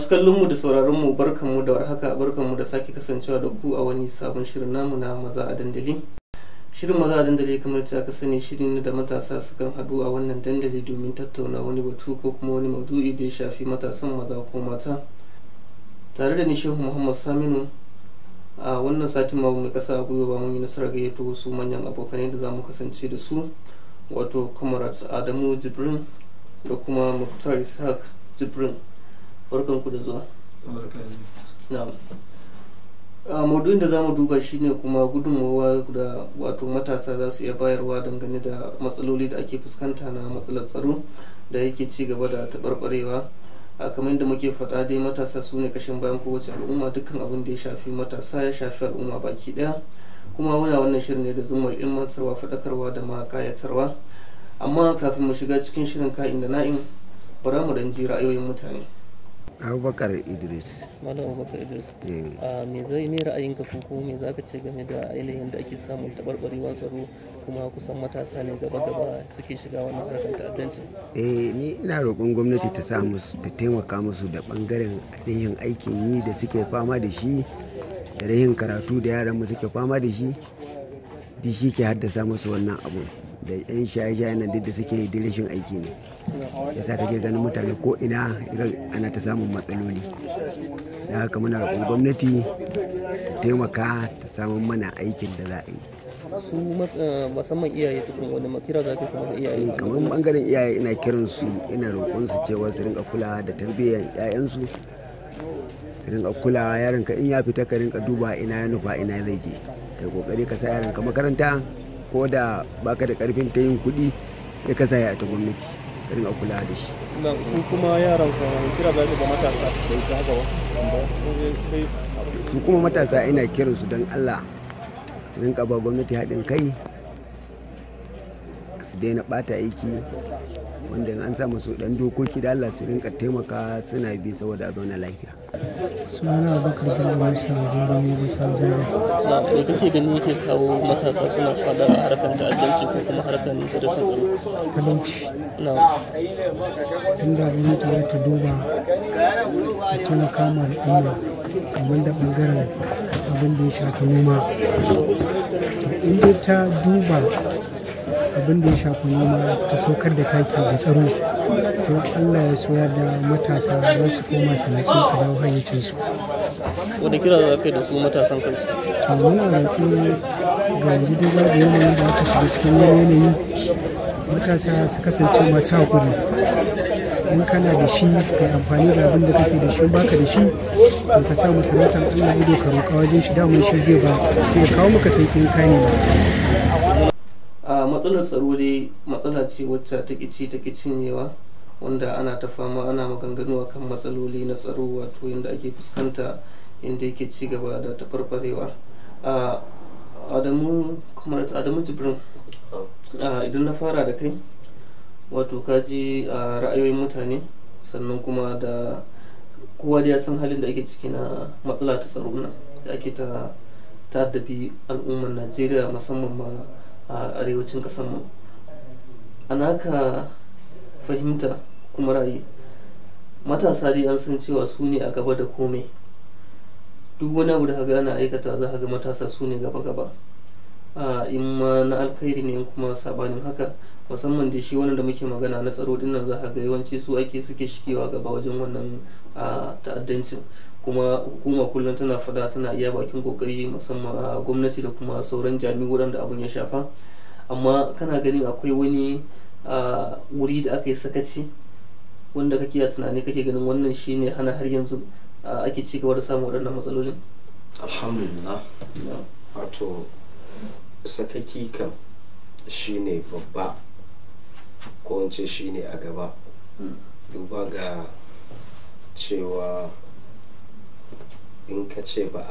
masu kallonmu da sauraronmu barkanmu da warhaka barkanmu da sake kasancewa da ku a wani sabon shirin namu na maza a dandali shirin maza a dandali kamar ta aka sani shirin da matasa sukan haɗu a wannan dandali domin tattauna wani batu ko kuma wani maudu'i da ya shafi matasan maza ko mata tare da ni shehu muhammad saminu a wannan satin ma mai kasa a gwiwa ba mun yi nasarar gayyato wasu manyan abokanai da za mu kasance da su wato comrades adamu jibrin da kuma muktar ishaq jibrin barkan ku da zuwa na'am a da zamu duba shine kuma gudunmawa da wato matasa za su iya bayarwa dangane da matsaloli da ake fuskanta na matsalar tsaro da yake ci gaba da taɓarɓarewa a kamar da muke faɗa dai matasa su ne kashin bayan kowace al'umma dukkan abin da ya shafi matasa ya shafi al'umma baki ɗaya kuma muna wannan shirin ne da zuma ilmantarwa faɗakarwa da ma kayatarwa amma kafin mu shiga cikin shirin ka'in da na'in bara mu ji ra'ayoyin mutane abubakar idris malam abubakar idris eh. ah, me zai me ra'ayin ko ko me zaka ce game da ainihin da ake samun taɓarɓarewar tsaro kuma kusan matasa ne gaba gaba suke shiga wannan harkar ta'addanci eh ni ina roƙon gwamnati ta sa musu ta taimaka musu da bangaren yin aikin yi da suke fama da shi da rahin karatu da yaran mu suke fama da shi di shi ke haddasa musu wannan abu da yan shaye-shaye nan duk da suke yi rashin aiki ne sa kake ganin mutane ko ina ana ta samun matsaloli da haka muna roƙon gwamnati ta taimaka ta samun mana aikin da za a yi su eh, musamman iyaye tukun wani makira za ka kuma da iyaye eh, kamar bangaren iyaye ina kiran su ina roƙon su cewa su rinka kula da tarbiyyar 'ya'yansu su rinka kulawa yaron ka in ya fita ka rinka duba ina ya nufa ina zai je kai kokari ka sa yaron ka makaranta ko da baka da karfin ta yin kuɗi ya kasa ya ta gwamnati ka dinga kula da shi nan su kuma yaran ka kira ba ga matasa da su haka ba su kuma matasa ina kiran su don Allah su rinka ba gwamnati haɗin kai su daina bata aiki wanda an sa su dan dokoki da Allah su rinka taimaka suna bi saboda a zauna lafiya sunana abubakar bello musa jimba musa zai na me kake gani yake kawo matasa suna fada a harkar ta'addanci ko kuma harkar ta da terrorism tsaro talauci na inda wani ta yi ta duba ta taimaka ma al'umma kamar da bangaren abin da ya shafi noma inda ta duba abin da ya shafi noma ta saukar da taki da tsaro to allah ya soya da matasa za su koma su nasu su dawo hayyacinsu Wani kira za kai da su matasan kansu to muna roƙo ga yanzu da yanayi da aka shiga cikin yanayi matasa su kasance masu hakuri in kana da shi kai amfani da abin da kake da shi baka da shi to ka sa masana'antar allah ido ka roƙa wajen shi damar shi zai ba sai ya kawo maka sauƙin ba. matsalar tsaro dai matsala ce wacce ta kici ta cinyewa wanda ana ta fama ana maganganu kan matsaloli na tsaro wato yadda ake fuskanta inda yake ci gaba da tafarfarewa a adamu kuma adamu jibrin idan na fara da kai wato kaji a ra'ayoyin mutane sannan kuma da kowa da ya san halin da ake ciki na matsala ta tsaro nan da ake ta taddabi al'ummar najeriya musamman ma a arewacin ƙasar mu ana ka fahimta kuma ra'ayi matasa dai an san cewa su ne a gaba da komai duk wani abu da haga ana aikata za ga matasa su ne gaba-gaba a in ma na alkhairi ne kuma sabanin haka musamman da shi wannan da muke magana na tsaro dinnan za ga yawanci su ake suke shigewa gaba wajen wannan ta'addancin kuma hukumar kullum tana fada tana iya bakin kokari musamman a gwamnati da kuma sauran jami'u da abun ya shafa amma kana ganin akwai wani wuri da aka yi sakaci wanda kake a tunani kake ganin wannan shine hana har yanzu ake ci gaba da samun waɗannan matsalolin alhamdulillah wato sakaki kan shine babba ko in ce shine a gaba hmm. duba ga cewa in ka ce ba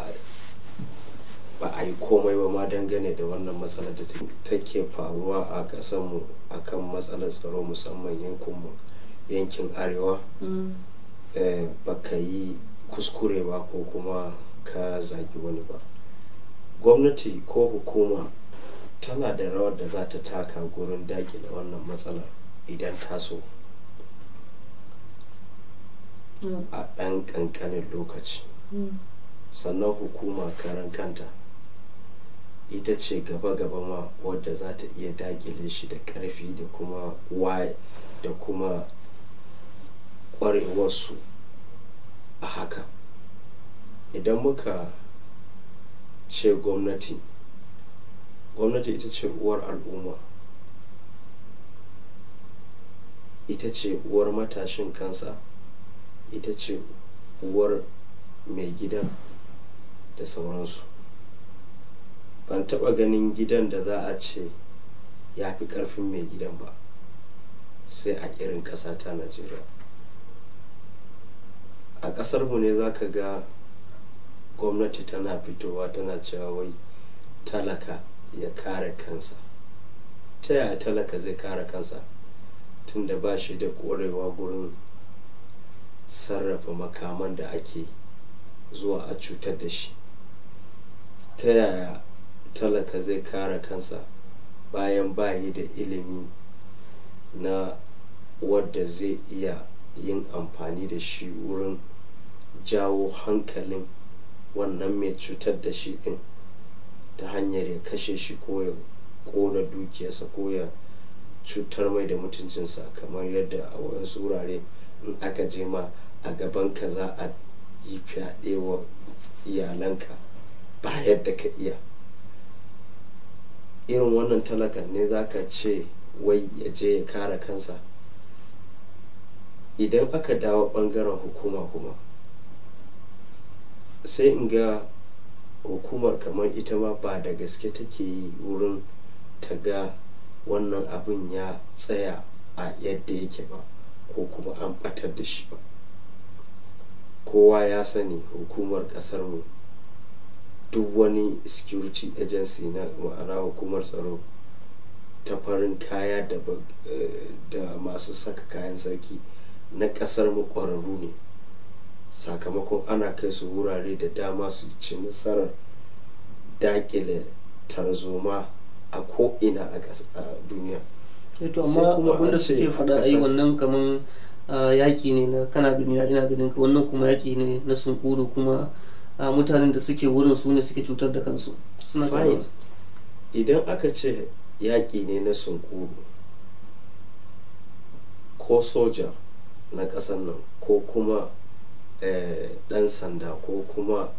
a yi komai ba ma dangane da wannan matsalar da take faruwa a ƙasarmu a kan matsalar tsaro musamman yankunmu yankin arewa mm. eh, ba ka yi kuskure ba ko kuma ka zagi wani ba gwamnati ko hukuma tana da rawar da za ta taka gurin da wannan matsalar idan ta so mm. a ɗan ƙanƙanin lokaci sannan hukuma karan kanta ita ce gaba-gaba ma wadda za ta iya dakile shi da karfi da kuma waye da kuma kwarewarsu a haka idan muka ce gwamnati gwamnati ita ce uwar al'umma ita ce uwar matashin kansa ita ce uwar mai gidan da sauransu ban taɓa ganin gidan da za a ce ya fi ƙarfin mai gidan ba sai a irin ƙasa ta najeriya a ƙasarmu ne za ka ga gwamnati tana fitowa tana cewa wai talaka ya kare kansa ta yaya talaka zai kare kansa tunda ba shi da ƙorewa gurin sarrafa makaman da ake zuwa a cutar da shi ta yaya talaka zai kara kansa bayan bayi da ilimi na wadda zai iya yin amfani da shi wurin jawo hankalin wannan mai cutar da shi din ta hanyar ya kashe shi ko ya kona dukiyarsa ko ya cutar mai da mutuncinsa kamar yadda a wasu wurare in aka je ma a gaban ka za a yi fyaɗe wa iyalanka ba yadda ka iya irin wannan talakan ne za ka ce wai ya je ya kare kansa idan aka dawo ɓangaren hukuma kuma sai in ga hukumar kamar ita ma ba da gaske take yi wurin ta ga wannan abin ya tsaya a yadda yake ba ko kuma an batar da shi ba kowa ya sani hukumar kasarmu duk wani security agency na ma'ana hukumar tsaro ta farin kaya da eh, masu saka kayan sarki na mu ƙwararru ne sakamakon ana kai su wurare da dama su ci nasarar dakile tarzoma a ko'ina a duniya. Eh, amma abinda suke faɗa yi wannan kamar yaƙi ne na kana gani na ina ganin ka wannan kuma yaƙi ne na sunkuru kuma mutanen da suke wurin su ne suke cutar da kansu suna idan aka ce yaƙi ne na sunkuru ko soja na ƙasar nan ko kuma eh, ɗan sanda ko kuma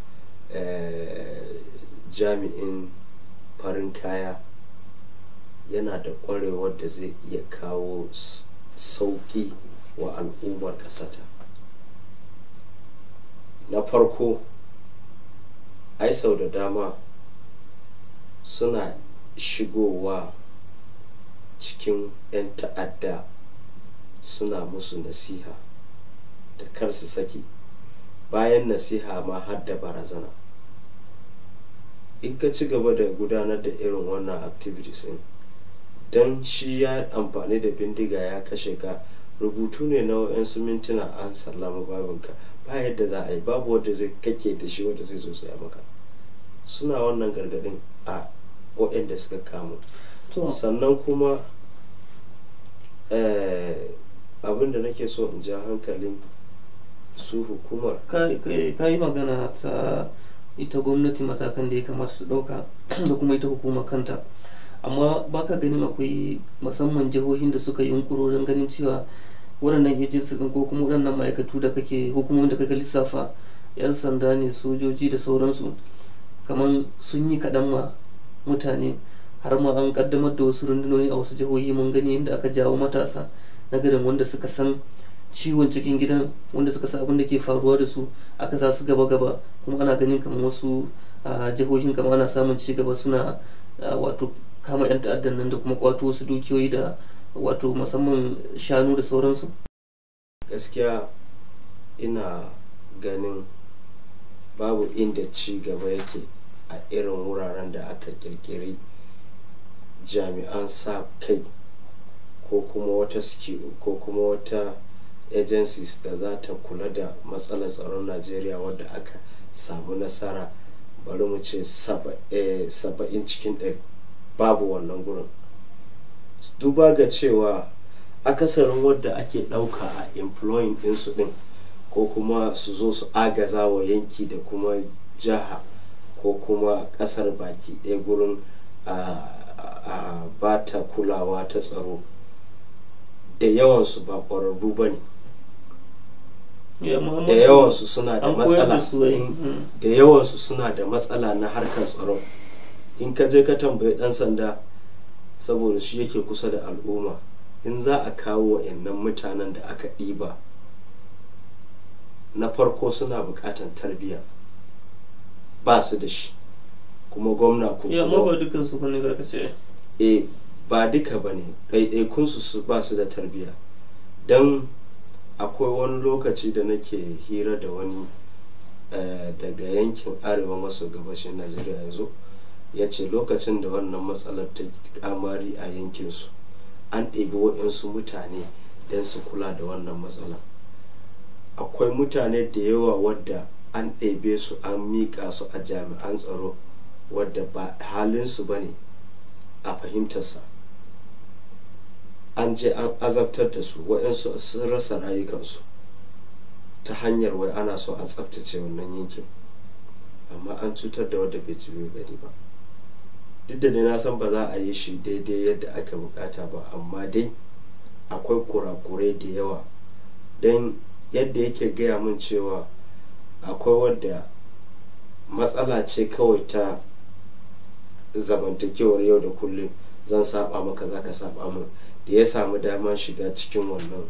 eh, jami'in farin kaya yana da ƙwarewar da zai iya kawo sauƙi wa al'ummar kasata na farko ai sau da dama suna shigowa cikin 'yan ta'adda suna musu nasiha da kar su saki bayan nasiha ma har da barazana in ka ci gaba da gudanar da irin wannan activities din don shi ya amfani da bindiga ya kashe ka rubutu ne na wa'yansu mintuna an sallama babinka ba yadda za a yi babu wanda zai kake da shi wanda zai zo saya maka suna wannan gargadin a wa'yanda suka kamu sannan kuma eh, abin da nake so in ja hankalin su hukumar ka yi magana ta ita gwamnati matakan da ya kamata su ɗauka da kuma ita hukumar kanta amma baka ganin akwai musamman jihohin da suka yi yunkurorin ganin cewa waɗannan agency din ko kuma waɗannan ma'aikatu da kake hukumomi da kake lissafa yan sanda ne sojoji da sauransu kamar sun yi kaɗan ma mutane har ma an kaddamar da wasu rundunoni a wasu jihohi mun gani inda aka jawo matasa na garin wanda suka san ciwon cikin gidan wanda suka san abin da ke faruwa da su aka sa su gaba gaba kuma ana ganin kamar wasu ah, jihohin kamar ana samun ci gaba suna ah, wato kama 'yan ta'addan nan da kuma kwato wasu dukiyoyi da wato musamman shanu da sauransu gaskiya ina ganin babu inda ci gaba yake a irin wuraren da aka kirkiri jami'an sa kai ko kuma wata ko kuma wata agencies da za ta kula da matsalar tsaron najeriya wadda aka samu nasara bari mu ce eh, saba'in cikin ɗari babu wannan gurin duba ga cewa akasarin wadda ake ɗauka a employing ɗinsu ɗin ko kuma su zo su agaza wa yanki da kuma jiha ko kuma ƙasar baki ɗaya gurin a ba ta kulawa ta tsaro da yawansu ba ƙwararru ba ne da yawansu suna da matsala na harkar tsaro. in ka je ka tambayi dan sanda saboda shi yake kusa da al'umma in za a kawo wa'annan mutanen da aka ɗiba na farko suna buƙatar tarbiyya ba su da shi kuma gwamna ko ya ma ba dukan su bane ka ce eh ba duka bane ɗaiɗaikun su su ba su da tarbiyya don akwai wani lokaci da nake hira da wani eh, daga yankin arewa maso gabashin najeriya yanzu ya ce lokacin da wannan matsalar ta kamari a yankinsu an ɗebi waɗansu mutane don su kula da wannan matsala akwai mutane da yawa wadda an ɗebe su an miƙa su a jami'an tsaro wadda ba halinsu ba ne a fahimtarsa an je an azabtar da su waɗansu sun rasa rayukansu ta hanyar wai ana so a tsaftace wannan yankin amma an cutar da wadda bai ji bai gani ba duk da na san ba za a yi shi daidai yadda aka bukata ba amma dai akwai kurakurai da yawa don yadda yake gaya min cewa akwai wadda matsala ce kawai ta zamantakewar yau da kullum zan saba maka za ka saba min da ya samu dama shiga cikin wannan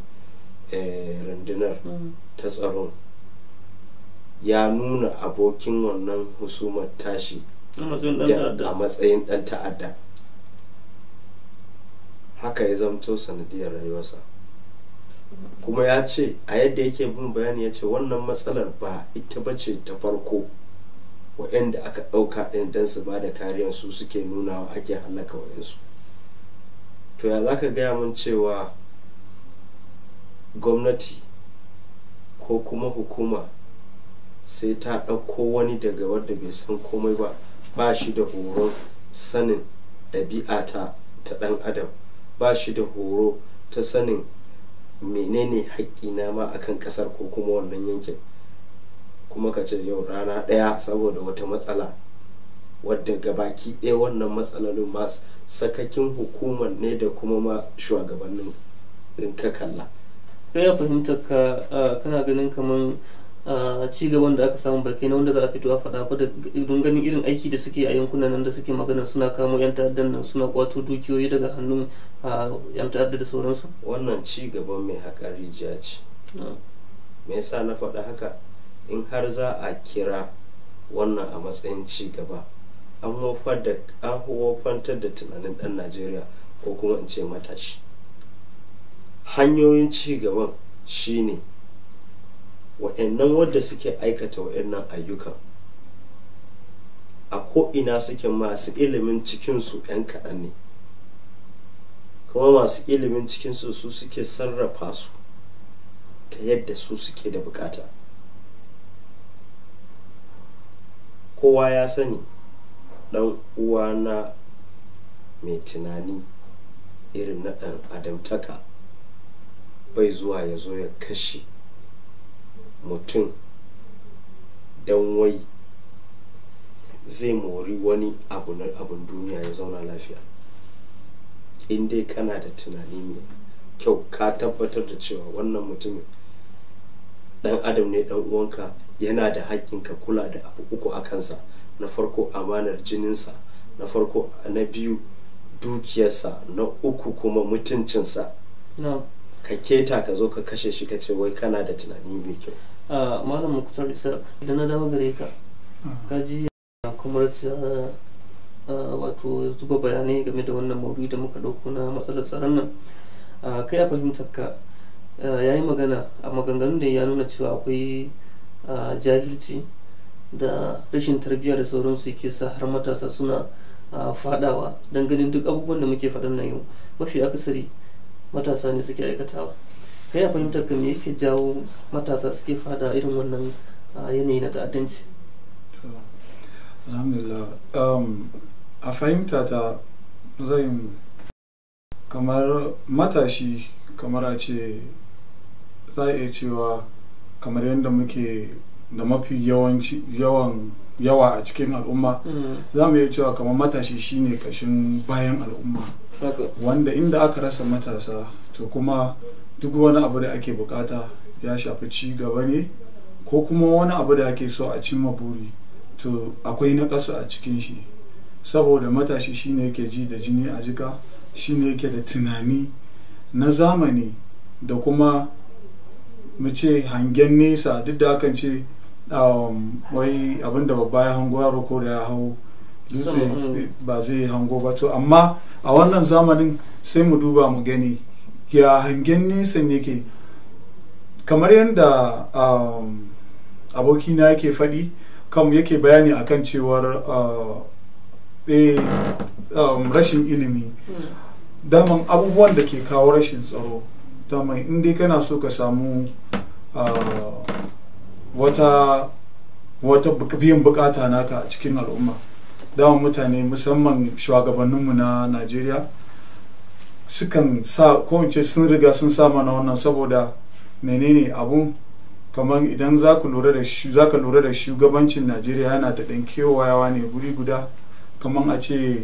eh, rundunar mm. ta tsaron ya nuna abokin wannan husumar tashi a matsayin ɗan ta'adda haka ya zamto sanadiyar rayuwarsa kuma ya ce a yadda yake bin bayani ya ce wannan matsalar ba ita ba ce ta farko wa'yanda aka ɗauka ɗin don su ba da kariyar su suke nuna wa ake hallaka wa'yansu to ya za ka gaya min cewa gwamnati ko kuma hukuma sai ta ɗauko wani daga wadda bai san komai ba ba shi da horo sanin ɗabi'a ta ta ɗan adam ba shi da horo ta sanin menene haƙƙina ma akan ƙasar ko kuma wannan yankin kuma ka ce yau rana ɗaya saboda wata matsala wadda baki ɗaya wannan matsalolin ma sakakin hukumar ne da kuma ma shugabannin in ka kalla. Kaya fahimtar ka kana ganin kamar ci gaban da aka samu baki na wanda za a fito a faɗa ba don ganin irin aiki da suke a yankunan nan da suke magana suna kamo yan ta'addan nan suna kwato dukiyoyi daga hannun yan ta'adda da sauransu wannan ci gaban mai haka rijiya ce me yasa na faɗa haka in har za a kira wannan a matsayin ci gaba an wofantar da tunanin ɗan najeriya ko kuma in ce matashi hanyoyin ci gaban shine wa'annan wadda suke aikata wa'annan ayyukan a ko'ina suke masu ilimin cikinsu 'yan kaɗan ne kuma masu ilimin cikinsu su suke sarrafa su ta yadda su suke da bukata kowa ya sani ɗan uwa na mai tunani irin na ɗan adamtaka bai zuwa ya zo ya kashe mutum don wai zai mori wani abu na abun duniya ya zauna lafiya in dai kana da tunani mai kyau ka tabbatar da cewa wannan mutumin dan adam ne dan uwanka yana da haƙƙin ka kula da abu uku a kansa na farko amanar jininsa na farko na biyu dukiyarsa na uku kuma mutuncinsa ka keta ka zo ka kashe shi ka ce wai kana da tunani mai kyau a malam muktar isa idan na dawo gare ka ka ji kamar ta wato zuba bayanai game da wannan maudu'i da muka dauko na matsalar tsaron nan kai a fahimtar ka ya yi magana a maganganun da ya nuna cewa akwai jahilci da rashin tarbiyya da sauransu ke sa har matasa suna fadawa ganin duk abubuwan da muke faɗan nan yau mafi akasari matasa ne suke aikatawa kai a fahimtar ka me yake jawo matasa suke fada irin wannan yanayi na ta'addanci alhamdulillah um, a fahimta ta zan kamar matashi kamar a ce za a iya cewa kamar yadda muke da mafi yawanci yawan yawa a cikin al'umma mm. za mu iya cewa kamar matashi shine kashin bayan al'umma wanda inda aka rasa matasa to kuma duk wani abu da ake bukata ya shafi ci gaba ne ko kuma wani abu da ake so a cimma buri to akwai na kasu a cikin shi saboda matashi shine yake ji da jini a jika shine yake da tunani na zamani da kuma mu hangen nesa duk da akan ce um, wai abinda babba ya hango yaro ko da ya hau dutse mm. ba zai hango ba to amma a wannan zamanin sai mu duba mu gani ya hangen nisan yake kamar yadda um, abokina yake faɗi kam yake bayani akan cewar uh, eh, um, rashin ilimi mm. daman abubuwan da ke kawo rashin tsaro daman inda dai kana so ka samu uh, wata wata biyan bukata naka a cikin al'umma dama mutane musamman shugabanninmu na najeriya sukan sa kowace sun riga sun sa mana wannan saboda menene abun kamar idan za ka lura da shugabancin najeriya yana da ɗan kewayawa ne guri guda kamar a ce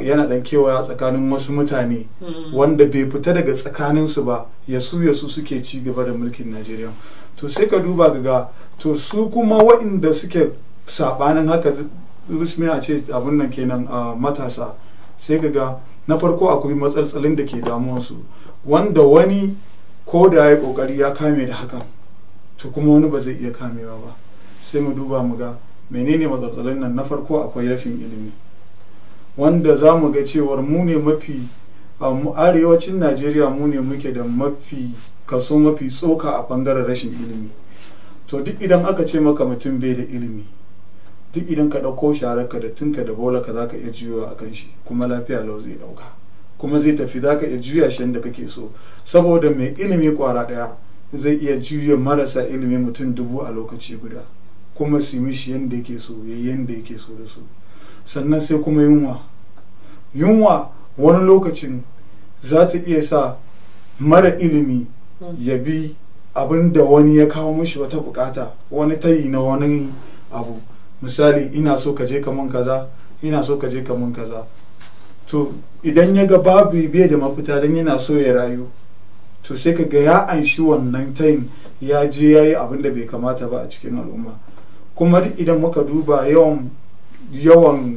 yana ɗan kewaya tsakanin wasu mutane mm-hmm. wanda bai fita daga tsakaninsu ba ya su ya su suke ci gaba da mulkin najeriya to sai ka duba ga to su kuma waɗanda suke saɓanin haka ismiya a ce abin nan kenan a matasa sai ka ga na farko akwai matsaltsalin da ke damuwarsu wanda wani ko da ya kokari ya kame da hakan to kuma wani ba zai iya kamewa ba sai mu duba mu ga menene matsaltsalin nan na farko akwai rashin ilimi wanda za mu ga cewar mu ne mafi arewacin najeriya mu ne muke da mafi kaso mafi tsoka a bangaren rashin ilimi to duk idan aka ce maka mutum bai da ilimi duk idan ka ɗauko shararka da tinka da ka za ka iya juyawa a kan shi kuma lafiya lau zai ɗauka kuma zai tafi za ka iya juya shi da kake so saboda mai ilimi kwara ɗaya zai iya juya marasa ilimi mutum dubu a lokaci guda kuma su mishi yadda yake so yadda yake so da su sannan sai kuma yunwa yunwa wani lokacin za ta iya sa mara ilimi ya bi abin da wani ya kawo mashi wata bukata wani tayi na wani abu misali ina so ka je kamun kaza ina so ka je kamun kaza to idan ya ga babu biye da mafita don yana so ya rayu to sai ka ga ya shi wannan tayin ya je ya yi abin da bai kamata ba a cikin al'umma kuma idan muka duba yawan yawan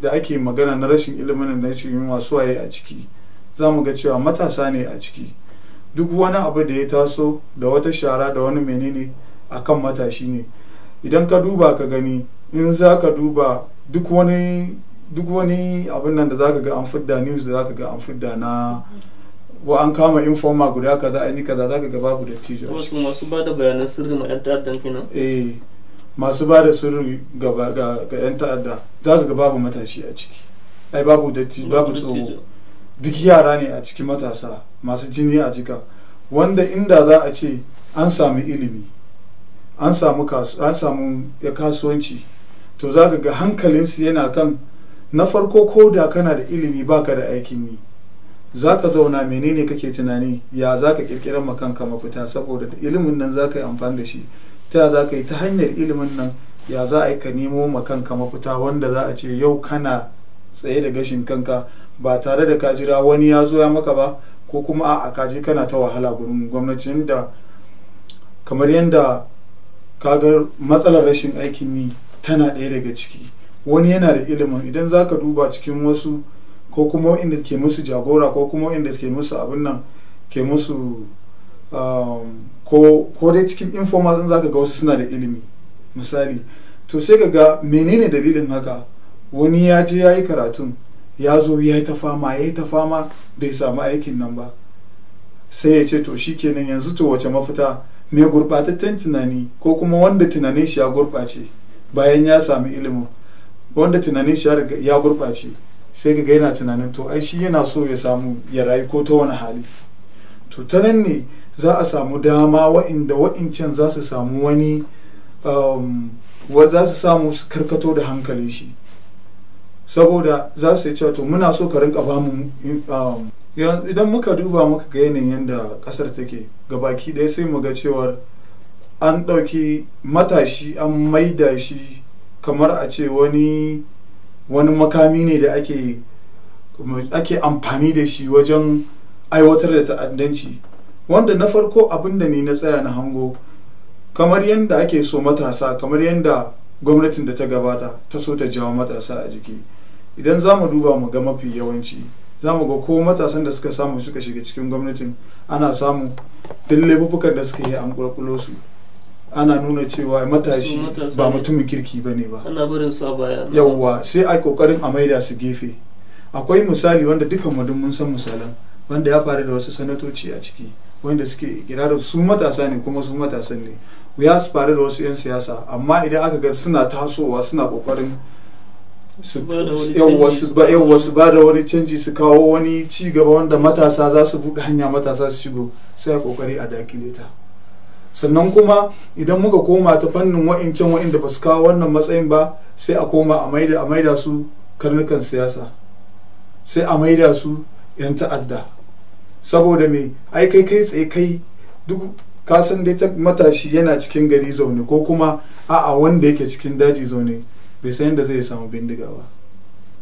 da ake magana na rashin ilimin da rashin yunwa suwaye a ciki za mu ga cewa matasa ne a ciki duk wani abu da ya taso da wata shara da wani menene akan matashi ne idan ka duba ka gani in za ka duba duk wani duk wani abin nan da za ka ga an fidda news da za ka ga an fidda na ko an kama informa guda kaza an yi kaza za ka ga babu da tijo wasu masu ba da bayanan sirri ma yan ta'addan kenan eh masu ba da sirri ga ga yan ta'adda za ka ga babu matashi a ciki ai babu da babu tsoho duk yara ne a cikin matasa masu jini a jika wanda inda za a ce an samu ilimi an samu kasuwanci to za ka ga hankalinsu yana kan na farko ko da kana da ilimi baka da aikin yi za ka zauna menene kake tunani ya za ka kirkirar ma ka mafita saboda da ilimin nan za ka yi amfani da shi ta za ka yi ta hanyar ilimin nan ya za a yi ka nemo ma ka mafita wanda za a ce yau kana tsaye da gashin kanka ba tare da ka jira wani ya zo ya maka ba ko kuma a kaji kana ta wahala gurin gwamnati da kamar yadda kagar matsalar rashin aikin yi tana ɗaya daga ciki wani yana da ilimin idan za ka duba cikin wasu ko kuma inda ke musu jagora ko kuma inda ke musu abin nan ke musu um, ko dai cikin informal za ka ga wasu suna da ilimi misali to sai ka ga menene dalilin haka wani ya je ya yi karatun ya zo ya yi ta fama ya yi ta fama bai samu aikin nan ba sai ya ce to shi kenan yanzu to wace mafita mai gurɓataccen tunani ko kuma wanda tunanin shi ya gurɓace bayan ya sami ilimin wanda tunanin shi ya gurɓace sai ga yana tunanin to ai shi yana so ya samu ya rayu ko ta wani hali to ta nan ne za a samu dama wa'inda wa'incan za su samu wani um, za su samu karkato da hankali shi saboda za su yi cewa to muna so ka rinka ba mu um, idan muka duba muka ga yanayin yadda kasar take baki ɗaya sai mu ga cewar an ɗauki matashi an maida shi kamar a ce wani wani makami ne da ake ake amfani da shi wajen aiwatar da ta'addanci wanda na farko abin da ni na tsaya na hango kamar yadda ake so matasa kamar yadda gwamnatin da ta gabata ta so ta jawo matasa a jiki idan za mu duba mu ga mafi yawanci za mu ga ko matasan da suka samu suka shiga cikin gwamnatin ana samu duk laifuffukan da suka yi an kulkulo su ana nuna cewa matashi ba mutumin kirki ba ne ba ana a baya yawwa sai a kokarin a maida su gefe akwai misali wanda dukan mu mun san misalan wanda ya faru da wasu sanatoci a ciki wanda suke da su matasa ne kuma su matasan ne ya faru da wasu 'yan siyasa amma idan aka ga suna tasowa suna kokarin yawwa su ba da wani canji su kawo wani ci gaba wanda matasa za su buɗe hanya matasa su shigo sai a kokari a dakile ta sannan kuma idan muka koma ta fannin wa'incan wa'inda ba su kawo wannan matsayin ba sai a koma a maida a su karnukan siyasa sai a maida su yan ta'adda saboda me ai kai kai tsaye kai duk ka san dai matashi yana cikin gari zaune ko kuma a'a wanda yake cikin daji zaune bai san yadda zai samu bindiga ba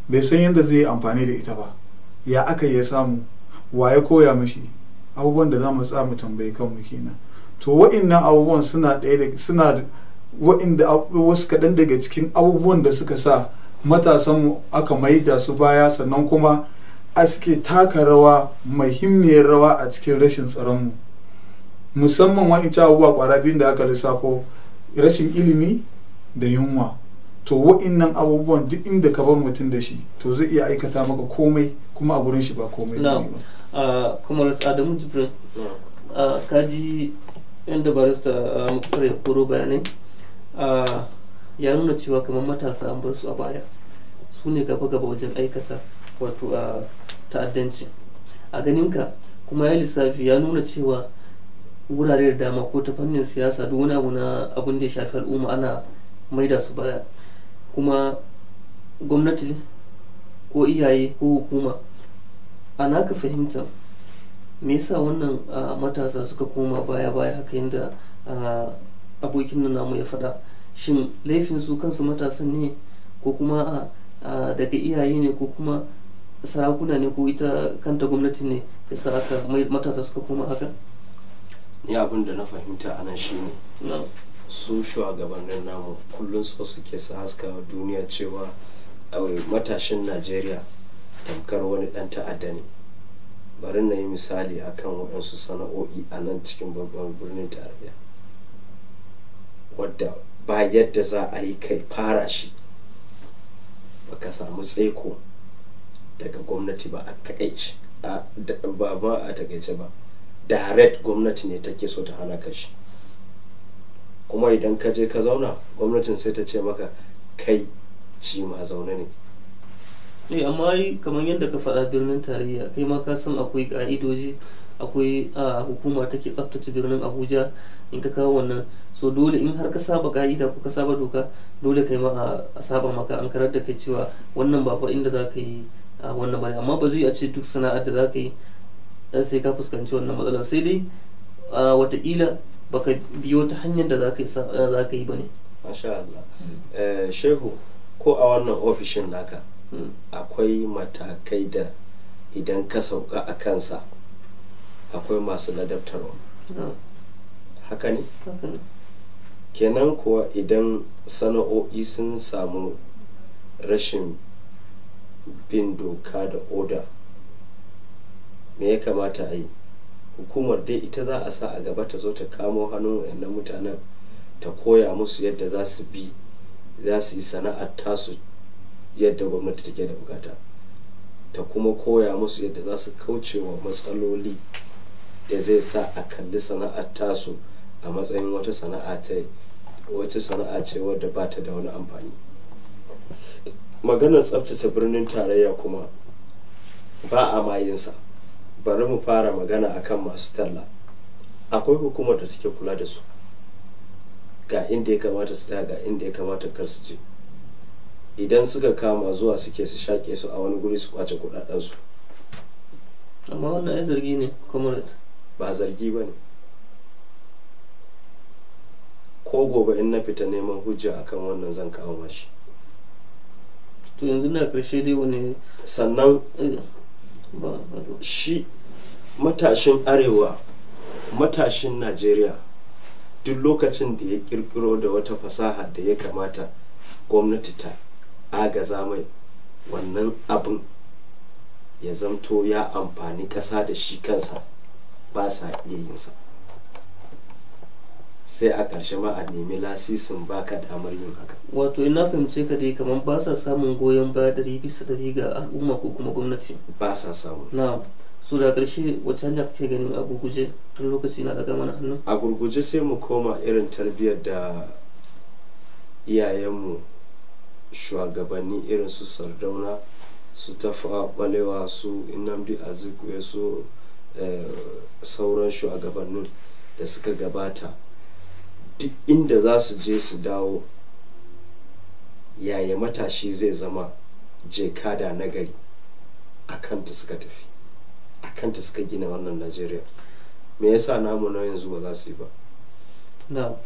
bai san yadda zai yi amfani da ita ba ya aka ya samu waye koya mashi abubuwan da za mu tsamu tambayi kanmu kenan to wa'innan abubuwan suna ɗaya suna wa'inda wasu kaɗan daga cikin abubuwan da suka sa matasanmu aka da su baya sannan kuma a suke taka rawa muhimmiyar rawa a cikin rashin tsaronmu musamman wa'incan abubuwa ƙwara biyun da aka lissafo rashin ilimi da yunwa to wa'innan abubuwan duk inda ka bar mutum da shi to zai iya aikata maka komai kuma a gurin shi ba komai ba kuma ah, Adamu Jibrin ah, ji. inda barista ah, mukutar ya koro bayanai ah, ya nuna cewa kamar matasa an bar su a baya su ne gaba-gaba wajen aikata wato a ah, ta'addanci a ganinka kuma ya lissafi ya nuna cewa wurare da dama ko ta fannin siyasa duk wani abu na abin da ya shafi al'umma ana maida su baya kuma gwamnati ko iyaye ko hukuma ana ka fahimta me yasa wannan matasa suka koma baya baya haka yadda abokin nan namu ya faɗa shin laifin su kansu matasan ne ko kuma daga iyaye ne ko kuma sarakuna ne ko ita kanta gwamnati ne yasa aka matasa suka koma haka ni abin da na fahimta anan ne su shugabannin namu kullum su suke su haska duniya cewa matashin najeriya tamkar wani dan ta'adda ne bari na yi misali a kan waɗansu sana'o'i a nan cikin babban birnin tarayya wadda ba yadda za a yi kai fara shi ba ka samu tseko daga gwamnati ba a takaice ba ba a takaice ba direct gwamnati ne take so ta halaka shi kuma idan ka je ka zauna gwamnatin sai ta ce maka kai ci ma zaune ne ne eh, amma kamar yadda ka faɗa birnin tarayya kai ma ka san akwai ka'idoji akwai a hukuma take tsaftace birnin abuja in ka kawo wannan so dole in har ka saba ka'ida ko ka saba doka dole kai ma a saba maka an karar da kai cewa wannan ba fa inda za ka yi a wannan bane amma ba zai a ce duk sana'ar da za ka yi eh, sai ka fuskanci wannan matsalar sai dai watakila baka biyo ta hanyar da za ka yi ba ne. masha Allah eh, shehu ko a wannan ofishin naka akwai matakai da idan ka sauka a kansa akwai masu ladabtarwa hmm. haka ne hmm. kenan kuwa idan sana'o'i sun samu rashin bin doka da oda me ya kamata a yi hukumar dai ita za a sa a gaba ta zo ta kamo hannun wayannan mutanen ta koya musu yadda za su bi za su yi sana'ar tasu yadda gwamnati take da bukata ta kuma koya musu yadda za su kauce wa matsaloli da zai sa a kalli sana'ar tasu a matsayin wata sana'a ta wata sana'a ce wadda ba ta da wani amfani maganar tsabtace birnin tarayya kuma ba a mayinsa bari mu fara magana akan masu talla akwai hukumar da take kula da su ga inda ya kamata su ga inda ya kamata kar su je idan suka kama zuwa suke su shaƙe su a wani guri su kwace kudadensu amma wannan ya zargi ne comrade ba zargi ba ne ko gobe in na fita neman hujja akan wannan zan kawo mashi to yanzu na karshe dai wani sannan eh, shi matashin arewa matashin najeriya duk lokacin da ya kirkiro da wata fasaha da ya kamata gwamnati ta agaza mai wannan abin ya zamto ya amfani ƙasa da shi kansa ba sa iya yinsa sai a ƙarshe ma a nemi lasisin baka damar yin haka wato ina fahimce ka dai kamar ba sa samun goyon baya ribi bisa ɗari ga al'umma ko kuma gwamnati ba sa samu na su da ƙarshe wacce hanya kake ganin a gurguje tun lokaci na daga mana hannu a gurguje sai mu koma irin tarbiyyar da iyayenmu shugabanni irin su sardauna su tafa balewa su inamdi ya su eh, sauran shugabannin da suka gabata duk inda za su je su dawo yaya matashi zai zama je kada nagari a kanta suka tafi a kanta suka gina wannan najeriya me yasa namu na yanzu ba za su yi ba na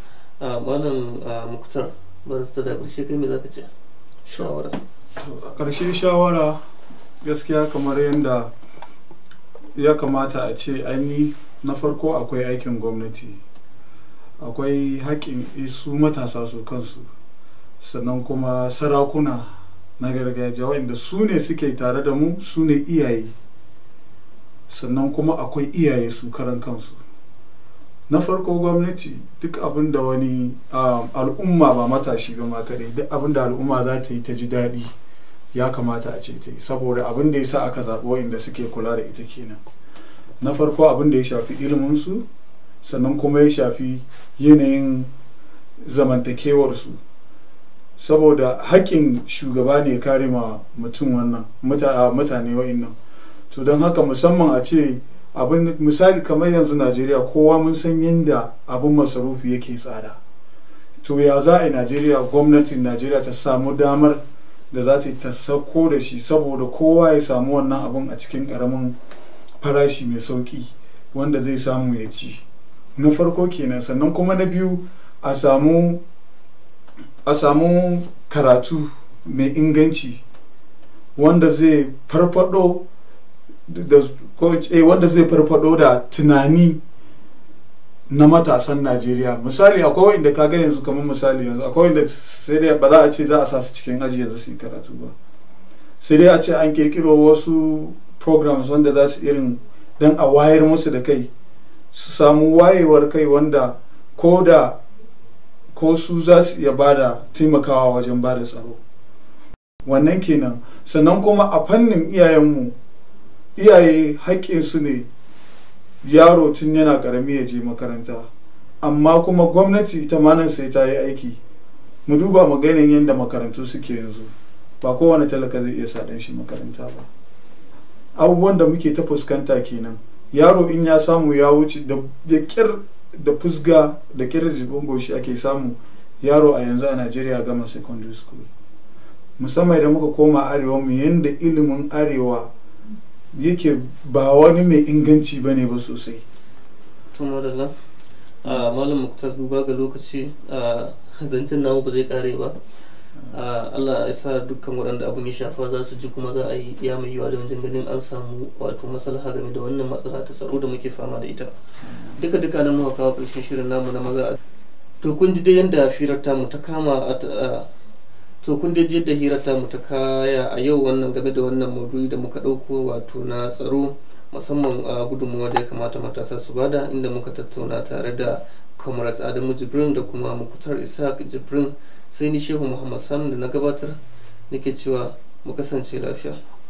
ah, malam ah, muktar barista da ƙarshe kai me za ka ce shawara a ƙarshen shawara gaskiya kamar yadda ya kamata a ce an yi na farko akwai aikin gwamnati akwai haƙƙin isu matasa su kansu sannan kuma sarakuna na gargajiya wanda su ne suke tare da mu su ne iyaye sannan kuma akwai iyaye su karan kansu na farko gwamnati duk abin da wani um, al'umma ba matashi ba ma kadai duk abin da al'umma za ta yi ta ji daɗi ya kamata a ce ta yi saboda abin da ya sa aka zaɓi wa'inda suke kula da ita kenan na farko abin da ya shafi iliminsu sannan kuma ya shafi yanayin zamantakewarsu saboda haƙƙin shugaba ne kare ma mutum wannan mutane to don haka musamman a ce abin misali kamar yanzu najeriya kowa mun san yadda abin masarufi yake tsada to ya za a najeriya gwamnatin najeriya ta samu damar da za ta ta sauko da shi saboda kowa ya samu wannan abin a cikin karamin farashi mai sauki wanda zai samu ya ci na farko kenan sannan kuma na biyu a samu a samu karatu mai inganci wanda zai farfado Eh, wanda zai farfado da tunani na matasan najeriya misali akwai wanda ga yanzu kamar misali yanzu akwai wanda sai dai ba za a ce za a sa su cikin aji yanzu su yi karatu ba sai dai a ce an kirkiro wasu programs wanda za su irin don a wayar musu da kai su samu wayewar kai wanda ko da ko su za su iya bada taimakawa wajen bada tsaro wannan kenan sannan kuma a fannin iyayenmu iyaye haƙƙinsu ne yaro tun yana ƙarami ya je makaranta amma kuma gwamnati ta manan sai ta yi aiki mu duba mu yadda makarantu suke yanzu ba kowane talaka zai iya saɗin shi makaranta ba abubuwan da muke ta fuskanta kenan yaro in ya samu ya wuce da ƙir da fusga da ƙir jibin goshi ake samu yaro a yanzu a najeriya gama secondary school musamman da muka koma arewa mu yadda ilimin arewa yake ba wani mai inganci ba ne ba sosai to madalla malam muktar duba ga lokaci a zancen namu ba zai kare ba Allah ya sa dukkan waɗanda abun ya shafa za su ji kuma za a yi ya mai yiwa da wajen ganin an samu wato maslaha game da wannan matsala ta tsaro da muke fama da ita duka duka nan muka kawo ƙarshen shirin namu na maza to kun ji dai yadda firar tamu ta kama a to kun dai da hira ta mu ta kaya a yau wannan game da wannan maudu'i da muka ɗauko wato na tsaro musamman a ah, gudunmuwa da ya kamata matasa su bada inda muka tattauna tare da comrade adamu jibrin da kuma mukutar isaac jibrin sai ni shehu muhammad sanu da na gabatar nake cewa mu kasance lafiya